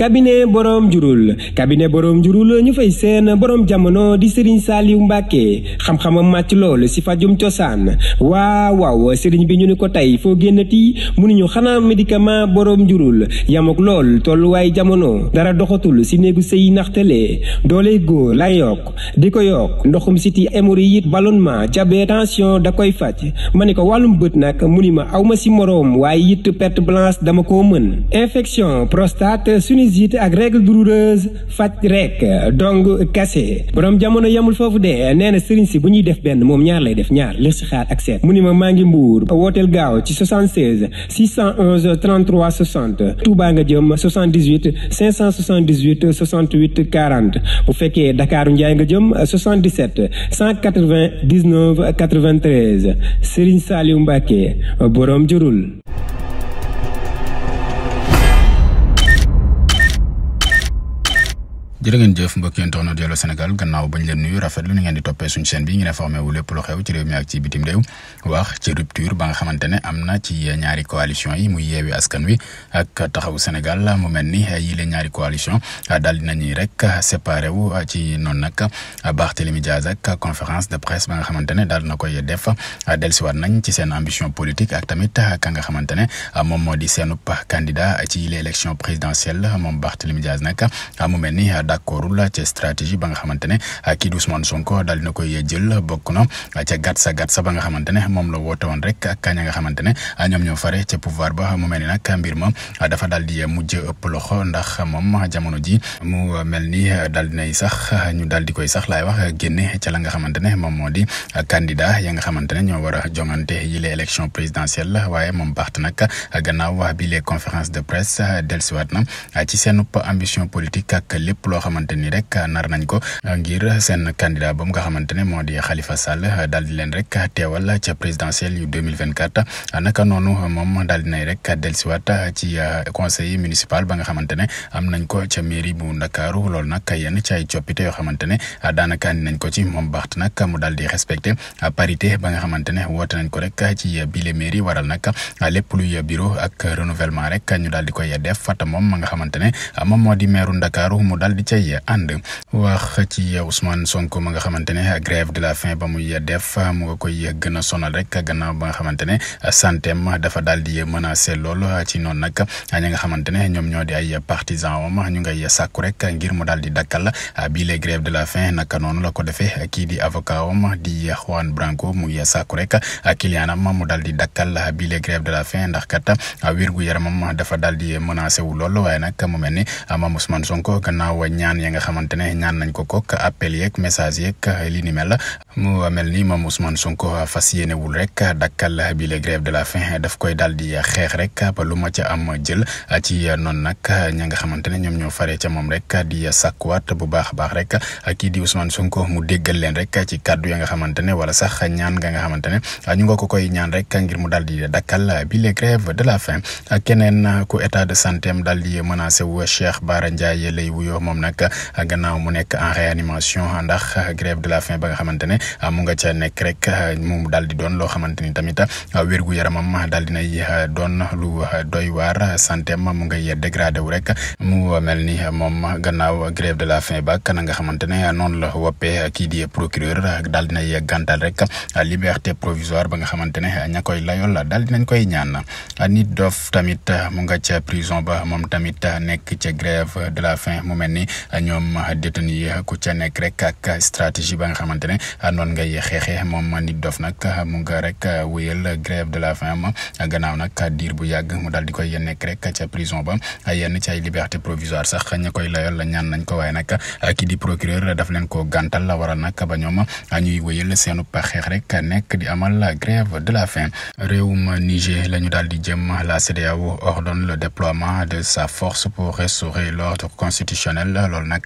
cabinet borom njurul cabinet borom njurul ñu fay seen boroom jamono di Serigne Saliou Mbacke xam-xamam màcc lool si fajum cosaan waaw waaw Serigne bi ñu ni ko tey foo génn génnati mënuñu xanaa médicament boroom njurul yamuk lool tolluwaay jamono dara doxatul si néegu sëy naxtale doole góor la yokk di ko yokk ndoxum siti hémorroïde ballonnement diabète tension da koy faj ma ne ko wàllum bët nag mu ni ma aw ma si moroom waaye it perte blanche dama ko mën infection prostate sinusite ak règle douloureuse faj rek dong kase borom jamono yamul foofu dee nee na sëriñ si bu ñuy def benn moom ñaar lay def ñaar listixaar ak seet mu ni ma maa ngi mbuur wooteel gaaw ci 76 611 33 nga jëm 78 578 68 40 bu fekkee Dakaaru Njaay nga jëm 77 199 93 Serigne Saliou Mbacke borom jurul jërë ngeen jëf mbokki internet Allô Sénégal gannaaw bañ leen nuyu rafetlu ni ngeen di toppee suñu chaîne bi ngeen informé wu lépp lu xew ci réew mi ak ci bitim réew wax ba nga xamante ne am na ci ñaari coalition yi muy yeewi askan wi ak taxawu Sénégal mu mel ni yii la ñaari coalition daal di nañuy rek séparé wu ci noonu nag Barthélémy Diaz ak conférence de presse ba nga xamante ne daal na koy def dellusiwaat nañ ci seen ambition politique ak tamit ka nga xamante ne moom moo di seenub candidat ci les élections présidentielles moom Barthélémy Diaz nag mu mel ni. d'accordul ca stratégie ba nga xamante ne ah, i di Ousmane Sonko daal dina koy jël bokk na ah, ca gàtt sa gàtt sa ba nga xamante ne moom la woote woon rek ak kañ nga xamante ne ah, ñoom ñoo fare ca pouvoir ba mu mel ni nag mbir ma dafa daal di mujj ëpp loxo ndax moom jamono ji mu mel ni daal dinay sax ñu daal di koy sax laay wax génne ca la nga xamante ne moom moo di candidat ya nga xamante ne ñoo war a jongante yile élection présidentielle waaye moom baax nag gannaaw bi le conférences de presse dellusiwaat na ci seenub ambition politique ak lépp loo loo xamante ni rek nar nañ ko ngir seen candidat boobu nga xamante ne moo di Khalifa Sall daal di leen rek teewal ca présidentielle yu 2024 naka noonu moom daal di nay rek dellusiwaat ci euh, conseil municipal ba nga xamante ne am nañ ko ca mairie bu Ndakaaru loolu nag yenn ci ay coppite yoo xamante ne daanaka andi nañ ko ci moom baxte nag mu daal di respecté parité ba nga xamante ne woote nañ ko rek ci bile mairie waral nag lépp luy bureau ak renouvellement rek ñu daal di koy def fata moom ma nga xamante ne moo di maire Ndakaaru mu daal cay ànd wax ci Ousmane Sonko ma nga xamante ne grève de la fin ba muy def mu nga koy gën a sonal rek gannaaw ba nga xamante ne ma dafa daal di menacé lool ci noonu nag ñi nga xamante ne ñoom ñoo di ay partisan am ñu ngay sàkku rek ngir mu daal di dakkal bii les la faim naka noonu la ko defee kii di avocat am di Juan Branco mu ngi sàkku rek client am mu daal di dakkal bii les grève de la faim ndax kat wér gu yaramam dafa daal di menacé lool waaye nag mu mel ni moom Ousmane Sonko gannaaw ñaan ya nga xamante ne ñaan nañ ko kook appel yeeg message yeeg li ni mel mu mel ni moom Ousmane Sonko fas yéenewul rek dakkal bi les grèves de la faim daf koy daal di xeex rek ba lu ma ca am jël ci noonu nag ña nga xamante ne ñoom ñoo faree ca moom rek di sàkkuwaat bu baax a baax rek kii di Ousmane Sonko mu déggal leen rek ya nga xamante ne wala sax ñaan nga nga xamante ne ñu nga ko koy ñaan rek ngir mu daal di dakkal bi les grèves de la faim keneen ku état de santé am daal a menacé wu Cheikh Bara Ndiaye lay wuyoo moom nag nag gannaaw mu nekk en réanimation ndax grève de la faim ba nga xamante a mu nga ca nekk rek mu daal di doon loo xamante ni tamit wérgu yaramam daal di a doon lu doy waar santé am mu ngay dégradé wu rek a de la faim ba kana nga xamante ne noonu la woppee kii di procureur daal di nay gàntal rek liberté provisoire ba nga xamante ne ña koy layool daal di nañ koy ñaan nit dof tamit mu nga ca prison ba moom tamit nekk ca grève de la faim mu mel ni ñoom détenu yi ku ca nekk rek ak stratégie ba nga xamante ne noonu ngay xeexee moom nit dof nag mu nga rek wéyal grève de la ma gannaaw nag diir bu yàgg mu daal di koy nekk rek ca prison ba yenn ci ay liberté provisoire sax ña koy la ñaan nañ ko waaye ak kii di procureur daf leen ko gantal la waral nag ba ñoom ñuy wéyal seenu xeex rek nekk di amal grève de la faim réewum Niger la ñu daal di jëm la CEDEAO ordonne de sa force pour restaurer loolu nag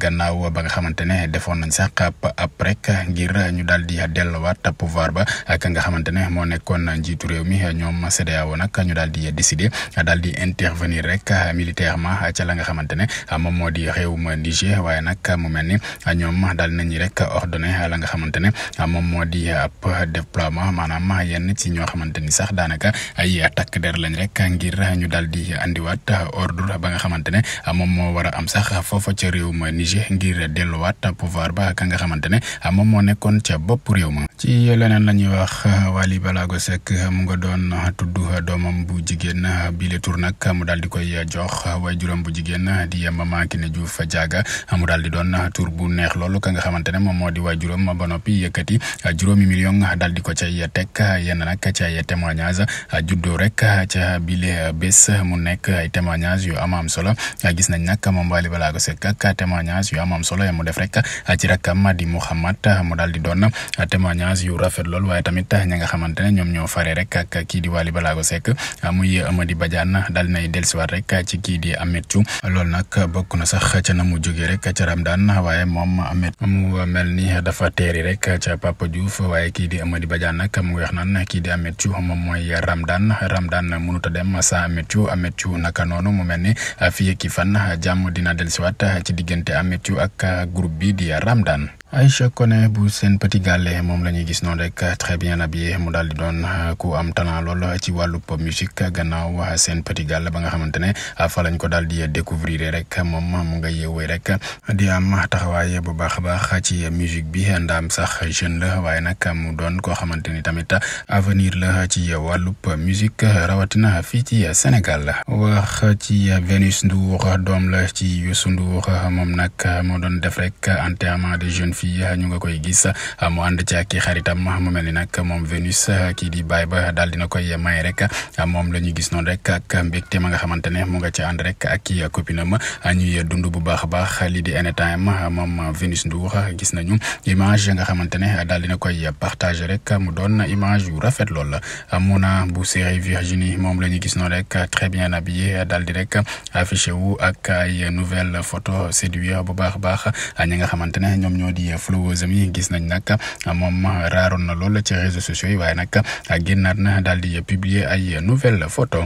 gannaaw ba nga xamante ne defoon nañ sax ab rek ngir ñu daal di delluwaat pouvoir ba ak nga xamante ne moo nekkoon njiitu réew mi ñoom CEDEAO nag ñu daal di décider daal di intervenir rek militairement ca la nga xamante ne moom moo di réewum Niger waaye nag mu mel ni ñoom daal nañu rek ordonné la nga xamante ne moom moo di ab déploiement maanaam yenn ci ñoo xamante ni sax daanaka ay lañ rek ngir ñu daal di andiwaat ordre ba nga xamante ne moom moo war a am sax. foofa ca réew ma Niger ngir delluwaat pouvoir ba ka nga xamante ne moom moo nekkoon ca bopp réew ma. ci leneen la ñuy wax Wally Ballago Seck mu nga doon tudd doomam bu jigéen bile tour nag mu daal di koy jox waaye juróom bu jigéen di Mama Kiné Diouf Diaga mu daal di doon tur bu neex loolu ka nga xamante ne moom moo di waay juróom ba noppi yëkkati juróomi million daal di ko cay teg yenn nag ci ay a juddoo rek ca bile bés mu nekk ay témoignage yu am am solo gis nañ nag moom Wally Seck ak témoignage yu am am solo ya mu def rek ah, ci rakkam di Mouhamad ah, mu daal di doon ah, témoignage yu rafet lool waaye tamit ña nga xamante ne ñoom ñoo fare rek ak kii di Waly Balago Seck muy Amady Badiane daal di nay dellusiwaat rek ci kii di Ameth Thiou bokk na sax ca na mu jógee rek ca Ramadaan waaye moom Ameth mu mel ni dafa teeri rek ca Papa Diouf waaye kii di Amady Badiane nag mu wax naan kii di Ameth Thiou moom mooy Ramadaan Ramadaan mënut a dem sa Ameth Thiou Ameth Thiou naka noonu mu mel ni fii ki a jàmm dina dellusiwaat. xat ci diggante Ameth Thiou ak groupe bi di Ramdan Aïcha Koné bu seen petit gàllé moom la ñuy gis noonu rek très na bi mu daal di doon euh, ku am talent lool ci wàllu pop musique gannaaw euh, seen petit gàllé ba nga xamante ne euh, fa lañ ko daal di découvrir rek moom mu nga yeewee rek di am taxawaay bu baax a baax ci musique bi ndaam sax jeune la waaye nag mu doon koo xamante ni tamit avenir la ci wàllub musique rawatina fii ci Sénégal wax ci Vénus Ndour doom la ci Youssou Modou euh, moom nag euh, moo doon def rek enterrement de jeune fille ñu nga koy gis euh, mu ànd ci ak xaritam mu mel ni nag moom Vénus kii di baay ba daal dina koy may rek moom la ñu gis noonu rek ak mbégte ma nga xamante ne mu nga ci ànd rek ak i copinam ñuy dund bu a baax lii di anytime moom Vénus Ndour image nga xamante ne daal dina koy partager rek mu doon image yu rafet lool Mona bu série Virginie moom la ñu gis noonu rek très bien habillée daal di rek affiché wu ak ay nouvelle photo séduire bu baax a baax ñi nga xamante ne ñoom ñoo di followers mi gis nañ nag moom raaroon na lool ci réseaux sociaux yi waaye nag génnaat na daal di publier ay nouvelle photo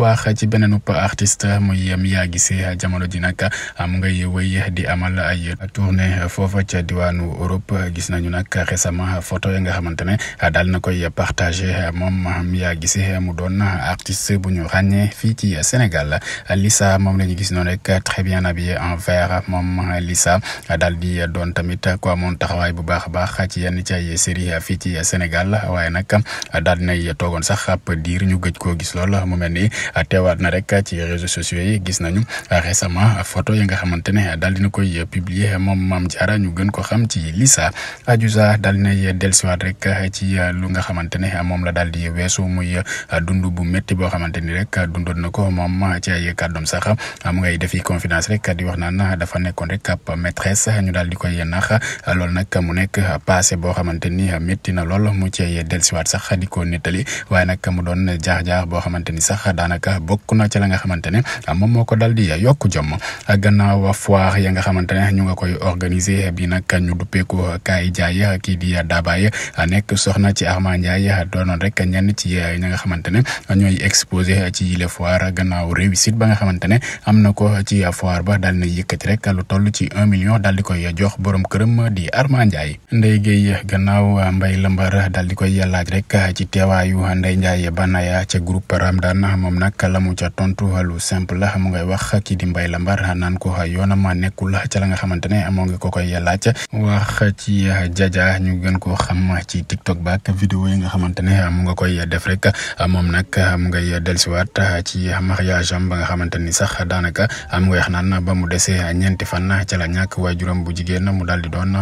waax ci beneen artiste muy Mia Guissé jamono ji nag mu ngay wéy di amal ay tournée foofa ca diwaanu Europe gis nañu nag récemment photo yi nga xamante ne daal na koy partagé moom Mia Guissé mu doon artiste bu ñu ràññee fii ci Sénégal Lisa moom la ñu gis noonu rek très bien en envers moom Lissa daal di doon tamit ku amoon taxawaay bu a baax ci yenn ci ay série fii ci Sénégal waaye nag daal dinay toogoon sax ab diir ñu gëj koo gis lool mu mel ni teewaat na rek ci réseaux sociaux yi gis nañu récemment photo yi nga xamante ne di dina koy publier moom Mame Diarra ñu gën ko xam ci Lissa Adiouza daal dinay dellusiwaat rek ci lu nga xamante ne moom la daal di weesu muy dund bu métti boo xamante ni rek dundoon na ko moom ci ay kàddoom sax mu ngay defi confidence rek di wax naan dafa nekkoon rek ab maîtresse ñu daal di koy nax loolu nag mu nekk passé boo xamante ni métti na lool mu cee dellusiwaat sax di ko nettali waaye nag mu doon jaax-jaax boo xamante ni sax daanaka bokk na ci la nga xamante ne moom moo ko daal di yokk a gannaaw foire ya nga xamante a ñu nga koy organiser bi nag ñu duppeeku kaay jaay kii di Dabaye nekk soxna ci Armand Ndiaye doonoon rek ñenn ci ñooy exposé ci yile foire gannaaw réussite ba nga xamante am na ko ci foire ba daal na yëkkati rek lu toll ci un million daal di koy jox borom këram di Arma Ndiaye Ndeye Gueye gannaaw Mbaye Lambar daal di koy laaj rek ci teewaayu Ndeye Ndiaye Banaya ca groupe Ramdan moom nag la mu ca tontu lu simple la mu ngay wax kii di Mbaye Lambar naan ko yoonam nekkul ca la nga ne moo ngi ko koy laaj wax ci jaja ñu gën ko xam ci TikTok ba ak vidéo yi nga xamante ne mu nga koy def rek moom nag mu ngay dellusiwaat ci mariage am nga xamante ni sax daanaka am nga wax naan ba mu dese ñeenti fan ca la ñàkk waajuram bu jigéen mu daal di doon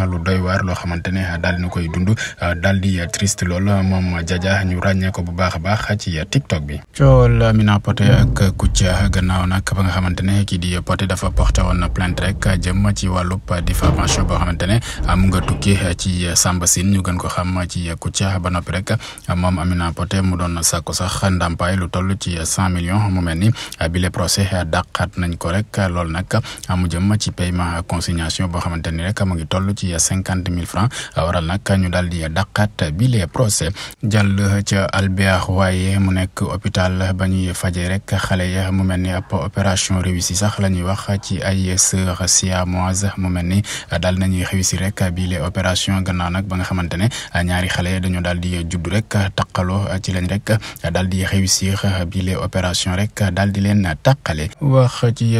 lu ko bu baax a baax ci TikTok bi. cool Amina Poté ak Kouthia gannaaw nag ba nga xamante ne kii di Poté dafa porté woon plainte rek jëm ci wàllub diffamation boo xamante ne mu nga tukki ci Samba Sine ñu gën ko xam ci Kouthia ba noppi rek moom Amina Poté mu doon sàkku sax ndàmpaay lu toll ci cent millions mu mel ni bile procès dàqaat nañ ko rek loolu nag mu jëm ci paiement consignation boo xamante rek mu ngi toll ci cinquante mille francs waral nag ñu daal di dàqaat bi les procès jàll ca Albert waaye mu nekk hôpital ba ñuy fajee rek xale ya mu mel ni ab opération réussie sax la ñuy wax ci ay sœurs siamoises mu mel ni daal nañuy réussir rek bile les opération gannaaw nag ba nga xamante ne ñaari xale dañoo daal di judd rek taqaloo ci lañ rek daal di réussir bi les opération rek daal di leen taqale wax ci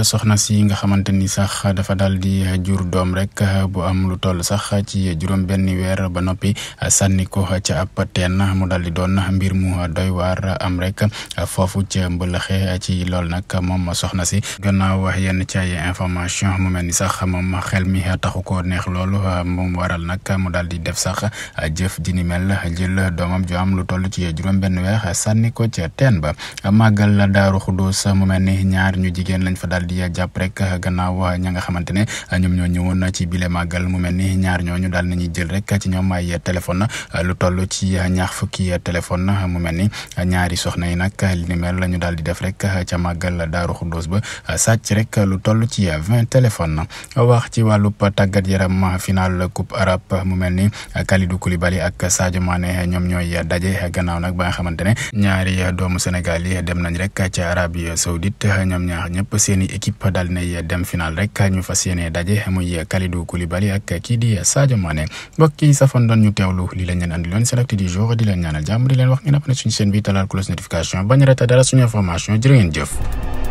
ni sax dafa dal di jur doom rek bu am lu toll sax ci juróom benn weer ba noppi sànni ko ca ab teen mu daal di doon mbir mu doy am rek foofu ca mbëlëxe ci lool nag moom soxna si gannaaw yenn ci information mu mel ni sax moom xel mi taxu ko neex loolu moom waral nag mu daal di def sax jëf ji ni mel jël doomam ju lu toll ci juróom benn sànni ko ca teen ba màggal daaru xudus mel ni ñaar ñu jigéen lañ fa daal di jàpp rek gannaaw gannaaw ah, ña nga xamante ne ah, ñoom ñoo ñëwoon ci bile màggal mu mel ni ñaar ñooñu ah, mu mel ni ñaari soxna yi nag li ni mel la ñu daal di def rek ca màggal Daaru Xuddoos ba sàcc rek lu toll ci vingt téléphone wax ci wàllub tàggat yaram final coupe arabe mu mel ni Kalidou Koulibaly ak Sadio Mané ñoom ñooy daje gannaaw nag ba nga xamante ne ñaari doomu Sénégal yi dem nañ rek ca Arabie Saoudite ñoom ñaar ñëpp seen i équipe daal final rek ñu fas yéene daje muy Kalidou Koulibaly ak kii di Sadio Mané mbokk yi safoon doon ñu teewlu li lañ leen andi loon seen acte du jour di leen ñaanal jàmm di leen wax ngeen abonné suñu chaîne bi talaal close notification bañ a raté dara suñu information jërë ngeen jëf.